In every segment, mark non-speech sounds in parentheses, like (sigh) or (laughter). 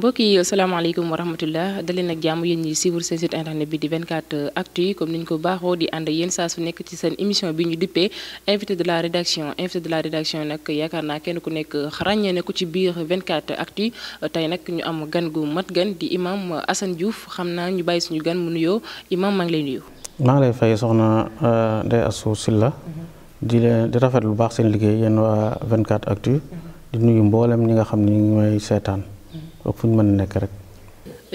mbokk yi salaamaaleykum wa rahmatullah daleen ak jàmm yéen ñi suivre seen site internet bi di 24 actu yi comme niñ ko baaxoo di ànd yéen saa su nekk ci seen émission bi ñu dippee invité de la rédaction invité de la rédaction nag yaakaar naa kenn ku nekk ràññee ne ko ci biir 24 actu yi tey nag ñu am gan gu mat gan di imam Assane Diouf xam naa ñu bàyyi suñu gan mu nuyoo imam maa ngi lay nuyu. maa ngi lay fay soxna euh, Ndeye Astou Sylla mhm. di leen di rafet lu baax seen liggéey yéen waa 24 actu mhm. di ñi nga xam ni ñooy seetaan. ak fu ñu mën a nekk rek.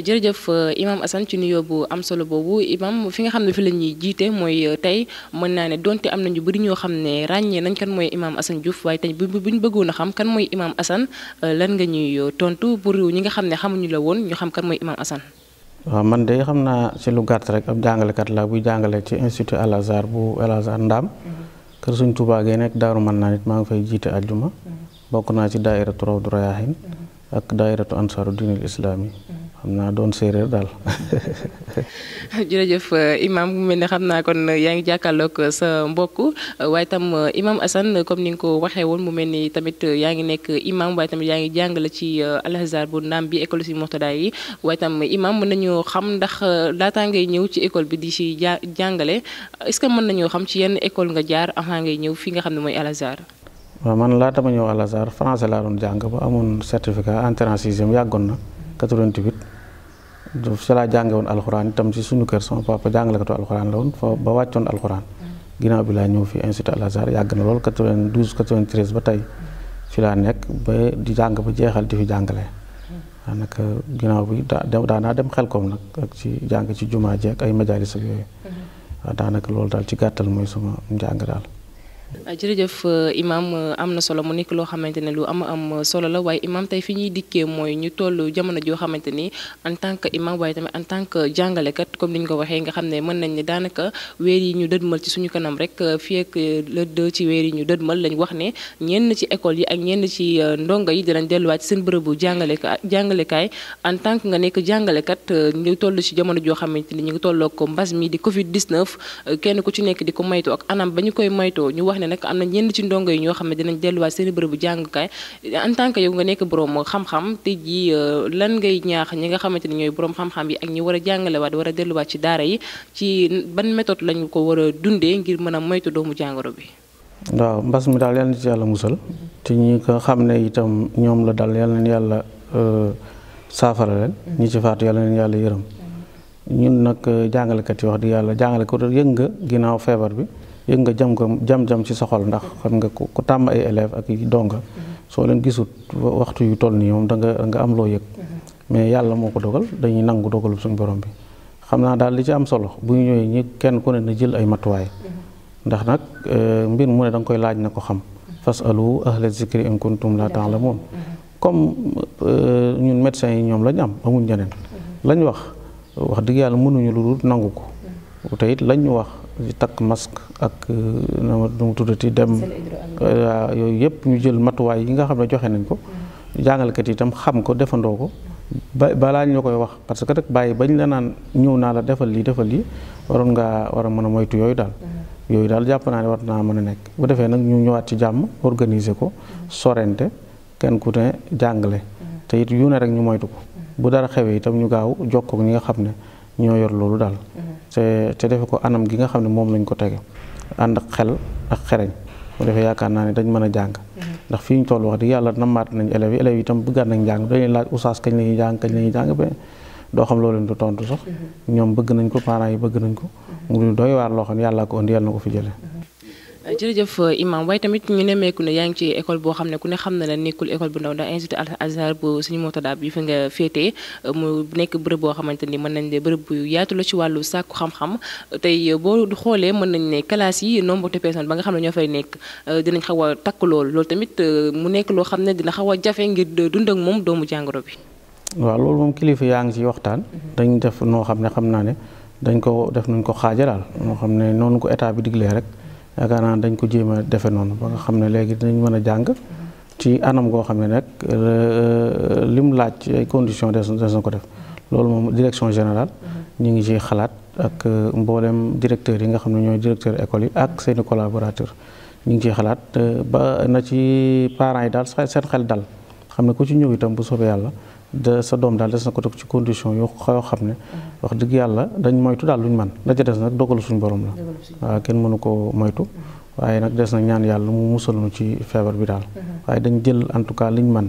jërëjëf euh, imam Assane ci nuyoo bu am solo boobu imam fi nga xam ne fi la ñuy jiite mooy euh, tey mën naa ne donte am na ñu bëri ñoo xam ne ràññee nañ kan mooy imaam Assane Diouf waaye tey bu ñu bëggoon a xam kan mooy imam Assane euh, lan nga ñuy tontu pour ñi nga xam ne xamuñu la woon ñu xam kan mooy imam Assane. waaw man de xam naa ci lu gàtt rek ab jàngalekat laa buy jàngale ci institut Al Azhar bu Al Azhar Ndaam. Mm-hmm. kër suñ Tuubaa gee nekk Daaru naa it maa ngi fay jiite àjjuma. Mm-hmm. bokk naa ci daaira Rawdu Rayaahin mm-hmm. ak daayiratu ansaaru diinil islaami xam naa doon séeréer daal. (laughs) jërëjëf euh, imaam mu mel ne xam naa kon euh, yaa ngi jàkkaarloog euh, sa mbokk waaye tam imaam assan comme ni nga ko waxee woon mu mel ni tamit yaa ngi nekk imaam waaye tamit yaa ngi jàngale ci Al Azhar bu Ndam bi école si Mourtada yi waaye tam imaam mën nañoo xam ndax laataa ngay ñëw ci école bi di si jàngale est-ce que mën nañoo xam ci yenn école nga jaar avant ngay ñëw fii nga xam ne mooy Al waaw man laata ma ñëw Al-Azhar français laa doon jàng ba amoon certificat entrée en sixième yàggoon na 88 si laa jànge woon alxuraan itam ci suñu kër sama papa jàngalekatu alxuraan ba wàccoon alxuraan ginnaaw bi laa ñëw fi institut Al-Azhar yàgg na lool ba tey fi laa nekk ba di jàng ba jeexal di fi jàngale daanaka ginnaaw bi daanaa dem xel koom nag ak ci jàng ci jumaa ji ak ay majaalis ak yooyu waaw mm-hmm. daanaka loolu daal ci gàttal mooy sama njàng daal Euh, jërëjëf euh, imam euh, am na solo mu nekk loo xamante ne lu am am solo la waaye imam tey fi ñuy dikkee mooy ñu toll jamono joo xamante ni en tant que imam waaye tamit en tant que jàngalekat comme ni ñu ko waxee nga xam ne mën nañ ne daanaka weer yi ñu dëdmal ci suñu kanam rek fii ak ci weer yi ñu dëdmal lañ wax ne ñenn ci école yi ak ñenn ci ndongo yi dinañ delluwaat ci seen bërëbu jàngale jàngalekaay en tant nga nekk jàngalekat ñu toll ci jamono joo xamante ni ñu ngi tolloo ko mbas mi di Covid 19 kenn ku ci nekk di ko maytu anam ba koy maytoo ne nag am na ñenn ci ndongo yi ñoo xam ne dinañ delluwaat seen bërëbu jàngukaay en tant que yow nga nekk borom xam-xam te ji euh, lan ngay ñaax ñi nga xamante ni ñooy borom xam-xam yi ak ñi war a jàngalewaat war a delluwaat ci daara yi ci ban méthode lañu ko war a dundee ngir mën a moytu doomu jàngoro bi. waaw mbas mi daal yal na ci yàlla musal te ñi ko xam ne itam ñoom la dal yal na yàlla euh, saafara leen ñi ci faatu yal na yàlla yërëm ñun nag jàngalekat yi wax di yàlla jàngalekat yëng nga ginnaaw feebar bi. yëg nga jam nga jam-jam ci soxol ndax xam nga ku tàmm ay élève ak donga mhm. soo leen gisut waxtu yu toll nii moom da am loo yëg mhm. mais yàlla moo ko dogal dañuy nangu dogalu suñu borom bi xam naa daal li ci am solo bu ñu ñëwee ñi kenn ku ne na jël ay matuwaay mhm. ndax nag euh, mbir mu ne da nga koy laaj na ko xam fasalu ahla zikri in kuntum la taalamun comme euh, ñun médecins yi ñoom lañ am amuñ ñeneen lañ wax wax dëgg yàlla mënuñu lu dul nangu ko te it lañ wax di takk masque ak euh, na ma nu mu tuddati dem euh, waaw yooyu yëpp ñu jël matuwaay yi nga xam ne joxe nañ ko mm. jàngalekat yi tam xam ko defandoo ko ba balaa ñu la koy wax parce que rek ba bañ la naan ñëw naa la defal lii defal lii waroon ngaa war a mën a moytu yooyu daal mm. yooyu daal jàpp naa ne war naa mën a nekk bu defee nag ñu ñëwaat ci jàmm organiser ko mm. sorente kenn ku ne jàngale te it yu ne rek ñu moytu ko bu dara xewee itam ñu gaaw jokkook ñi nga xam ne ñoo yor loolu daal te defe ko anam gi nga xam ne moom lañ ko tege ànd ak xel ak xereñ bu defee yaakaar naa ne dañ mën a jàng mm-hmm. ndax fii ñu toll wax di yàlla namaat nañ élèves yi élèves yi itam bëggaat nañ jàng dañuy laaj oustaz kañ la ñuy jàng kañ la ñuy jàng ba doo xam loolu leen du tontu sax mm-hmm. ñoom bëgg nañ ko parents yi bëgg nañ ko mm-hmm. mu doy waar loo yàlla ko indi yàlla na ko fi jëlee jërëjëf euh, imam waaye tamit ñu nemmeeku ne yaa ngi ci école boo xam ne ku ne xam na ne nekkul école bu ndaw ndax institut al azhar bu suñu nga féetee euh, mu nekk bërëb boo xamante ni mën nañ ne bërëb bu yaatu la ci wàllu sàkku xam-xam tey euh, boo xoolee mën nañ ne classe yi nombre de personnes nga xam ne ñoo fay nekk dinañ xaw a takk lool loolu tamit mu nekk loo xam ne dina xaw a jafe ngir dund ak moom doomu jàngoro bi waaw loolu moom kilifa yaa ngi ci waxtaan mhm. dañ def noo xam ne xam naa ne dañ ko def nañ ko xaajalaal noo xam ne noonu ko état bi diglee rek yaakaar naa dañ ko jéem a defe noonu ba nga xam ne léegi dinañ mën a jàng ci anam goo xam ne nag euh, euh, lim laaj ay conditions des na ko def loolu moom direction général ñu ngi ciy xalaat ak euh, mboolem directeur yi nga xam ne ñooy directeur école yi ak seeni collaborateurs ñu ngi ciy xalaat ba na ci parent yi daal seen xel dal xam ne ku ci ñëw itam bu soobee yàlla de sa doom daal des na ko teg ci condition yoo xam ne wax dëgg yàlla dañ moytu daal luñ man la ca des nag dogalu suñ borom la waaw kenn mënu ko moytu mm-hmm. waaye nag des na ñaan yàlla mu musal nu ci feebar bi daal mm-hmm. waaye dañ jël en tout cas liñ man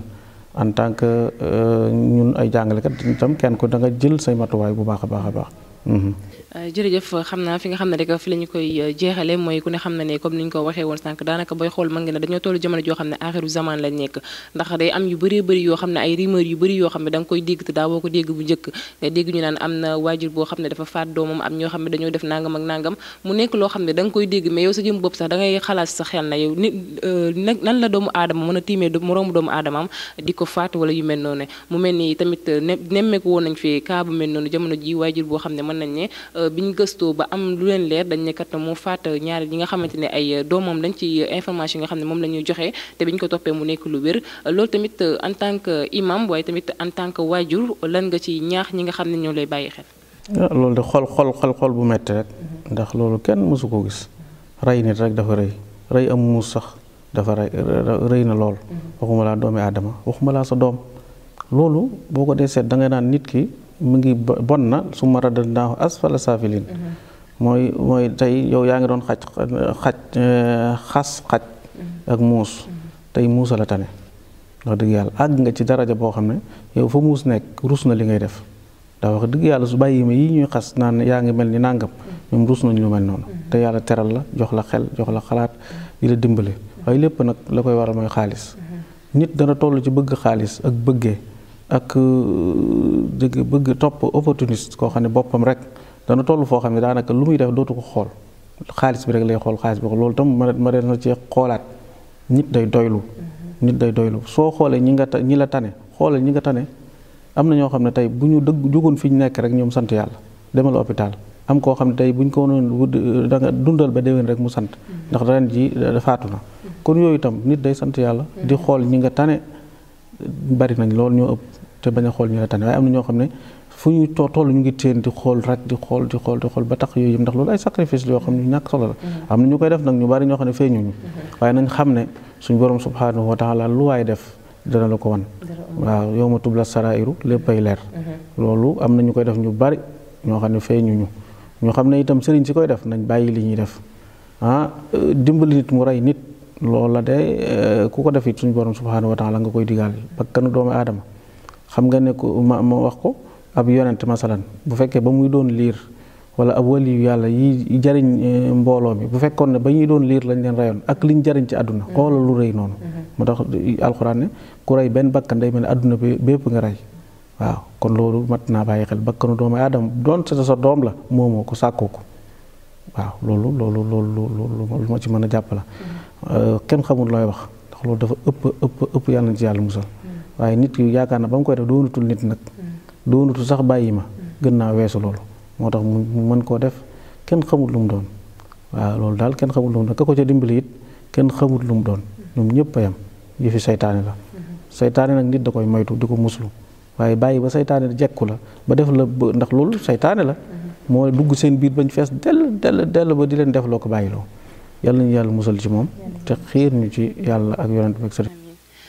en tant que euh, ñun ay jàngalekat itam kenn ko da nga jël say matuwaay bu baax a baax a baax mm-hmm. Euh, jërëjëf xam naa fi nga xam ne rek fi la ñu koy euh, jeexale mooy ku ne xam na ne comme ni ñu ko waxee woon sànq daanaka booy xool ma ngi ne dañoo toll jamono joo xam ne axiru zaman lañ nekk am yu bëree bëri yoo xam ne ay yu bëri yoo xam ne da koy dégg te daa boo ko dégg bu njëkk nga dégg am na waajur boo xam ne dafa faat doomam am ñoo xam ne dañoo def nangam ak nangam mu nekk loo xam ne da koy dégg mais yow sa jëm bopp sax da ngay xalaat sa xel na yow ni euh, nan la doomu aadama mën a tiimee moroomu doomu aadamaam di ko faat wala yu mel noonu mu mel ni tamit nemmeeku woon nañ fi kaa bu mel noonu jamono ji waajur boo xam ne mën nañ ne Euh, bi ñu gëstoo ba am lu leen leer dañ ne kat moo faat ñaari ñi nga xamante ne ay doomam lañ ci information yi nga xam ne moom la ñuy joxe te bi ñu ko toppee mu nekk lu wér euh, loolu tamit euh, en tant que imam waaye tamit en tant que waajur lan nga ci ñaax ñi nga xam ne ñoo lay bàyyi xel. Ah, loolu de xol xol xol xol bu metti rek ndax loolu kenn mosu koo gis rey nit rek dafa rëy rëy am muus sax dafa rëy rëy na lool mm-hmm. waxuma laa doomi aadama waxuma laa sa doom loolu boo ko dee seet ki. mu ngi bon na su ma radadnaahu a saafiliin mm-hmm. mooy mooy tey yow yaa ngi doon xaj xaj eh, xas xaj mm-hmm. ak muus mm-hmm. tey muusa la tane wax dëgg yàlla àgg nga ci daraja boo xam ne yow fa muus nekk rus na li ngay def ndax wax dëgg yàlla su bàyyi ma yi ñuy xas naan yaa ngi mel ni nàngam ñoom rus nañ lu mel noonu te yàlla teral la jox la xel jox la xalaat di la dimbale waaye lépp nag la koy waral mooy xaalis nit dana toll ci bëgg xaalis ak bëggee ak euh, dëgg bëgg topp opportuniste koo xam ne boppam rek dana toll foo xam ne daanaka lu muy def dootu ko xool xaalis bi rek lay xool xaalis bi loolu tam ma des na ci xoolaat nit day doylu day doylu soo xoolee ñi nga ta ñi la tane ñi nga tane am na ñoo xam ne tey bu ñu dëgg jógoon fi ñu nekk rek ñoom sant yàlla demal hôpital am koo xam ne tey bu ñu ko noonu euh, da dundal ba déwén rek mu sant ndax ren ji euh, faatu na kon yooyu itam nit day sant yàlla di xool ñi nga tane bari nañ loolu ñoo ëpp te bañ a xool ñu la tane waaye am na ñoo xam ne fu ñu toll ñu ngi téen di xool rek di xool di xool ba tax yooyu yëpp ndax loolu ay sacrifice yoo xam ne la mm-hmm. am na ñu koy def nag ñu bari ñoo xam ne fee mm-hmm. suñ borom subhanahu wa taala lu waay def dana la ko wan waaw yow ma tubla sarairu lépp ay leer mm-hmm. loolu am na ñu koy def ñu bari ñoo xam ne fee ñuñu ñoo xam ne itam sëriñ si koy def nañ bàyyi li ñuy def ah dimbali nit mu rey nit loola de eh, ku ko def it suñ borom subhanahu wa taala nga koy digaal bakkanu xam nga ne ko ma ma wax ko ab yonent masalan bu fekkee ba muy doon liir wala ab waliyu yàlla yi jariñ eh, mbooloo mi bu fekkoon ne ba ñuy doon liir lañ leen rayoon ak liñ jariñ ci àdduna mm-hmm. xoola lu rëy noonu mm-hmm. moo tax alxuraan ne ku rey benn bakkan day mel ne àdduna bi bépp nga rey waaw kon loolu mat naa bàyyi xel bakkanu doomu aadama doon sa sa doom la moomoo ko sàkkoo ko waaw loolu loolu loolu lu ma ci mën a jàpp la mm-hmm. euh, kenn xamul looy wax ndax loolu dafa ëpp ëpp ëpp yàlla na waaye nit ki yaakaar na ba mu koy def doonatul nit nag mm. doonatul sax bàyyi ma mm. gën naa weesu loolu moo tax mu mën koo def kenn xamul lu doon waaw loolu daal kenn xamul lu mu doon ka ko ca dimbali it kenn xamul lu mu doon mm. ñoom ñëpp a yam yëfi saytaane la mm-hmm. saytaane nag nit da koy moytu di ko muslu waaye bàyyi ba saytaane jekku la ba def la ndax loolu saytaane la mm-hmm. moo dugg seen biir bañ fees dell dell dell ba di leen def loo ko bàyyiloo yàlla nañu yàlla musal ci moom te ñu ci yàlla ak yonent bi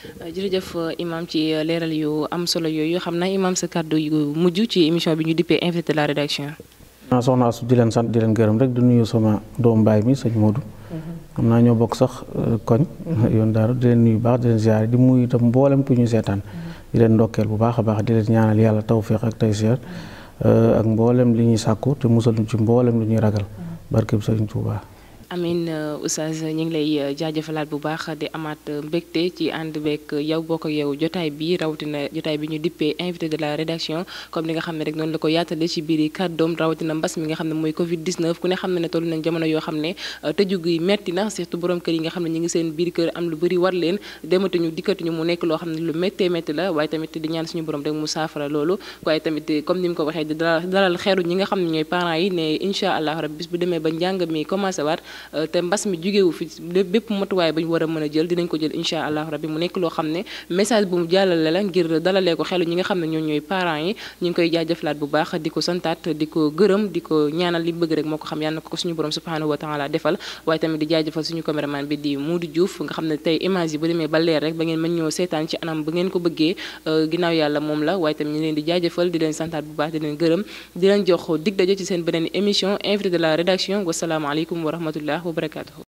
Euh, jërëjëf euh, imam ci euh, leeral yu am solo yooyu xam na imam sa kàddu yu mujj ci émission bi ñu dippee invité de la rédaction. naa soxna Asou di leen sant di leen gërëm rek du nuyu sama doomu baay mi sëñ Modou. Mhm. xam naa ñoo bokk sax koñ. Mhm. yoon daara di leen nuyu baax di leen ziare di muy itam mboolem ku ñu seetaan. Mhm. di leen ndokkeel bu baax a baax di leen ñaanal yàlla tawféex ak tayseer ak mboolem li ñuy sàkku te musal ñu ci mboolem li ñuy ragal. barke amin euh, oustaz ñu ngi lay euh, jaajëfalaat bu baax di amaat euh, mbégte ci ànd beeg yow bokk ak yow jotaay bi rawatina jotaay bi ñu dippee invité de la rédaction comme ni nga xam ne rek noonu la ko yaatale ci biir kàddoom rawatina mbas mi nga xam ne mooy covid 19 ku ne xam ne ne toll nañ jamono yoo xam ne tëju metti na surtout borom kër yi nga xam ne ñu ngi seen biir kër am lu bëri war leen dematuñu dikkatuñu mu nekk loo xam ne lu méttee métti la waaye tamit di ñaan suñu borom rek mu saafara loolu waaye tamit comme ni mu ko waxee di dalal xeeru ñi nga xam ne ñooy parents yi ne incha bis bu demee ba njàng mi commencé waat Euh, te mbas mi jugeewu fi bépp matuwaay ba ñu war a a jël dinañ ko jël incha allah rabbi mu nekk loo xam ne message bu mu jàllale la ngir dalalee ko xelu ñi nga xam ne ñoo ñooy yi ñu ngi xam yàlla ko suñu borom subhanahu wa defal waaye tamit di jaajëfal suñu caméraman bi di Modou Diouf nga xam ne tey image yi bu demee ba leer ba ngeen mën ñoo seetaan ci anam ba ngeen ko bëggee euh, ginnaaw yàlla moom la waaye tamit ñu leen di jaajëfal di leen la rahmatullah wa barakaatuhu